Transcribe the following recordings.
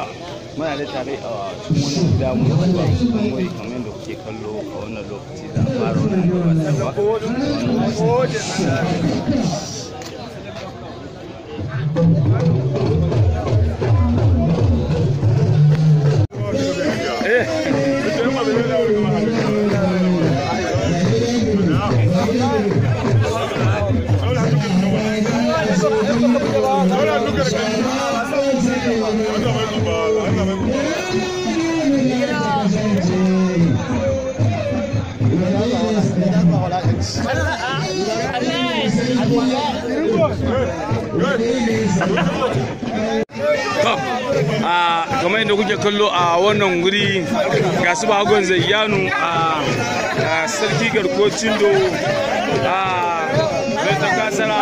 haka muna da tare a cikin wani gida mu zuwa kamar yadda kuke kallo a wannan lokaci da fara wannan gabatarwa Christ. Ah, kamar yadda kuke kallo a wannan wuri ga su ba hagon zayyanu a ah, ah, sarki garko cindo a ta kasara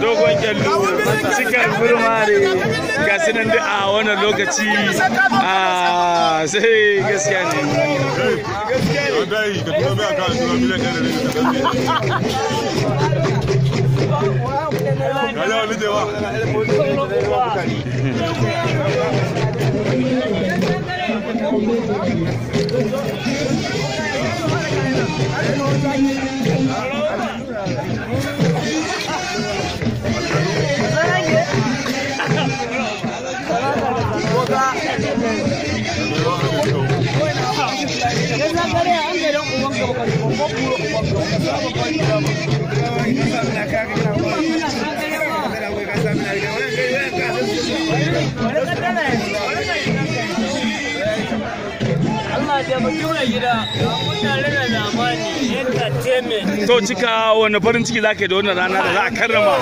dogon gyallo cikar firmare ga sinan da a wannan lokaci a sai gaskiya ne tura gida mutane da zamani entertainment to cika wani farin ciki za ka yi da wannan rana da za a karrama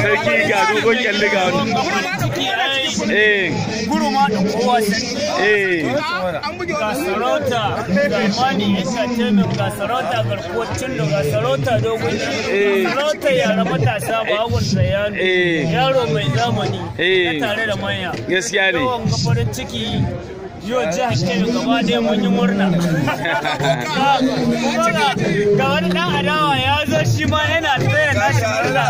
sarki ga dogon kyalle ga wani eh guruma da kowa eh ga sarauta zamani entertainment ga sarauta garkuwacin da ga sarauta dogon eh sarauta yara matasa ba hagun sayano eh. yaro mai zamani eh. tare da manya gaskiya ne farin ciki yau jihar Kano gaba dai mun yi murna. Ga wani dan adawa ya zo shi ma yana tsaye shi murna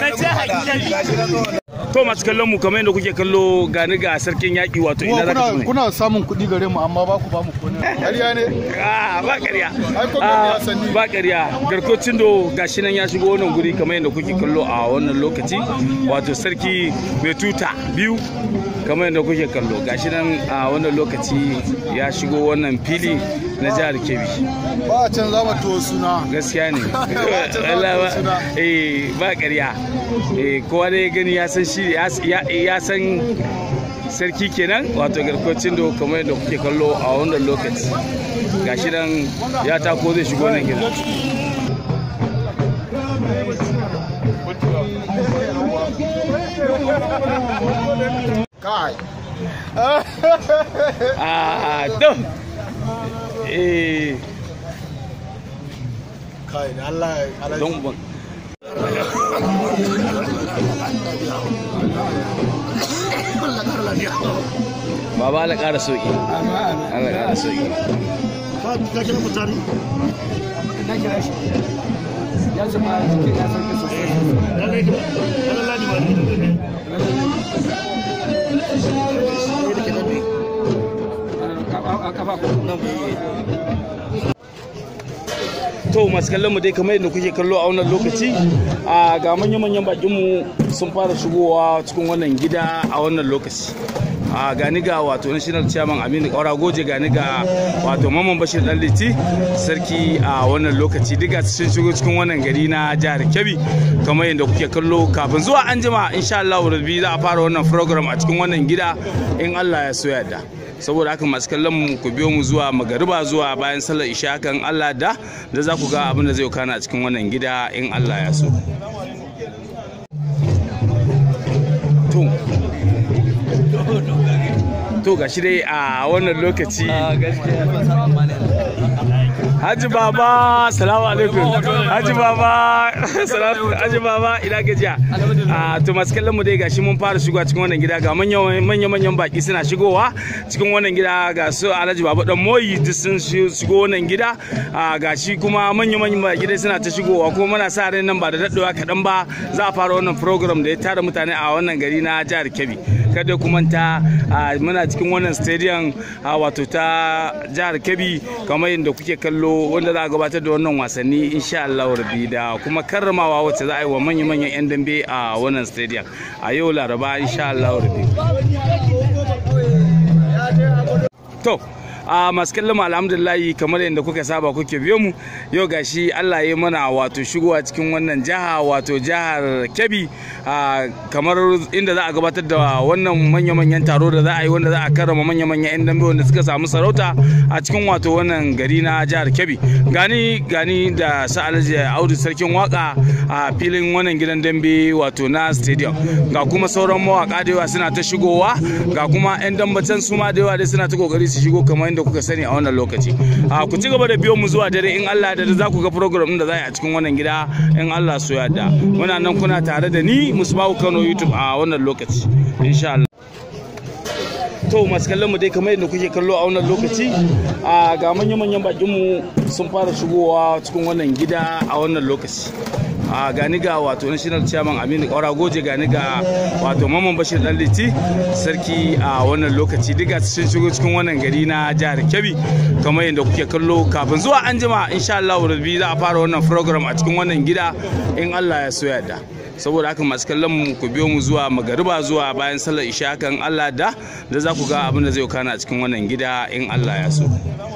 na jihar Kano. to masu kallon mu kamar yadda kuke kallo gani ga sarkin yaƙi wato ina za ka kuna samun kuɗi gare mu amma ba ku ba mu kone ƙarya ne ah, ba ƙarya ah, ba ƙarya garkocin do gashi nan ya shigo wannan guri kamar yadda kuke kallo a wannan lokaci wato sarki mai tuta biyu kamar yadda kuke kallo gashi nan a wannan lokaci ya shigo wannan fili na jihar kebbi ba a can zama tuwo suna gaskiya ne eh, ba ƙarya eh, kowa da ya gani ya san shi shi ya san sarki kenan wato garkocin da kamar yadda kuke kallo a wannan lokaci gashi nan ya ko zai shigo nan gida kai ah eh kai Allah Allah Baba ala ƙara soki. Allah ƙara soki. Ba ka kira mutane. kira shi. Ya zama cikin ya sarki sosai. ka lallai ba Kafa ko nan to masu kallon mu dai kamar yadda kuke kallo a wannan lokaci a ga manya-manyan bakinmu sun fara shigowa cikin wannan gida a wannan lokaci a gani ga wato national chairman aminu kaura goje gani ga wato maman bashir dan liti sarki a wannan lokaci duka sun shigo cikin wannan gari na jihar kebbi kamar yadda kuke kallo kafin zuwa anjima insha Allah rabbi za a fara wannan program a cikin wannan gida in Allah ya so da. saboda haka masu kallon mu ku biyo mu zuwa magariba zuwa bayan sallar isha kan Allah da da za ku ga abin da zai kana a cikin wannan gida in Allah ya so to gashi dai a wannan lokaci Haji Baba, salamu alaikum. Haji Baba, salamu Haji Baba, ina gajiya. A ah, to masu kallon mu dai gashi mun fara shigowa cikin wannan gida ga manyan manyan baki suna shigowa cikin wannan gida ga su Alhaji Baba dan Moyi duk sun shigo wannan gida. A ah, gashi kuma manyan manyan baki dai suna ta shigowa kuma muna sa ran nan ba da daddawa kadan ba za a fara wannan program da ya tara mutane a wannan gari na jihar Kebbi. kada ku manta muna cikin wannan stadium wato ta jihar Kebbi kamar yadda kuke kallo wanda za a gabatar da wannan wasanni insha Allah rabi da kuma karramawa wacce za a yi wa manya-manyan 'yan dambe a wannan stadium a yau laraba insha Allah rabi. a masu kallon alhamdulillahi kamar yadda kuka saba kuke biyo mu yau gashi Allah ya mana wato shigowa cikin wannan jaha wato jihar Kebbi kamar inda za a gabatar da wannan manya-manyan taro da za a yi wanda za a karrama manya-manyan 'yan dambe wanda suka samu sarauta a cikin wato wannan gari na jihar Kebbi gani gani da sa Alhaji Audu sarkin waka a filin wannan gidan dambe wato na stadium ga kuma sauran mawaka da yawa suna ta shigowa ga kuma 'yan can su ma da yawa dai suna ta kokari su shigo kamar kamar kuka sani a wannan lokaci a ku ci gaba da biyo mu zuwa dare in Allah da za ku ga program da za a cikin wannan gida in Allah so ya da muna nan kuna tare da ni Musbahu Kano YouTube a wannan lokaci insha Allah to masu kallon mu dai kamar yadda kuke kallo a wannan lokaci a ga manyan manyan bakin mu sun fara shigowa cikin wannan gida a wannan lokaci a gani ga wato national chairman aminu kaura goje gani ga wato mamman bashir dan liti sarki a wannan lokaci duka sun shigo cikin wannan gari na jihar kebbi kamar yadda kuke kallo kafin zuwa an jima insha Allah rabbi za a fara wannan program a cikin wannan gida in Allah ya so yarda saboda haka masu kallon mu ku biyo mu zuwa magariba zuwa bayan sallar isha kan Allah da da za ku ga abin da zai kana a cikin wannan gida in Allah ya so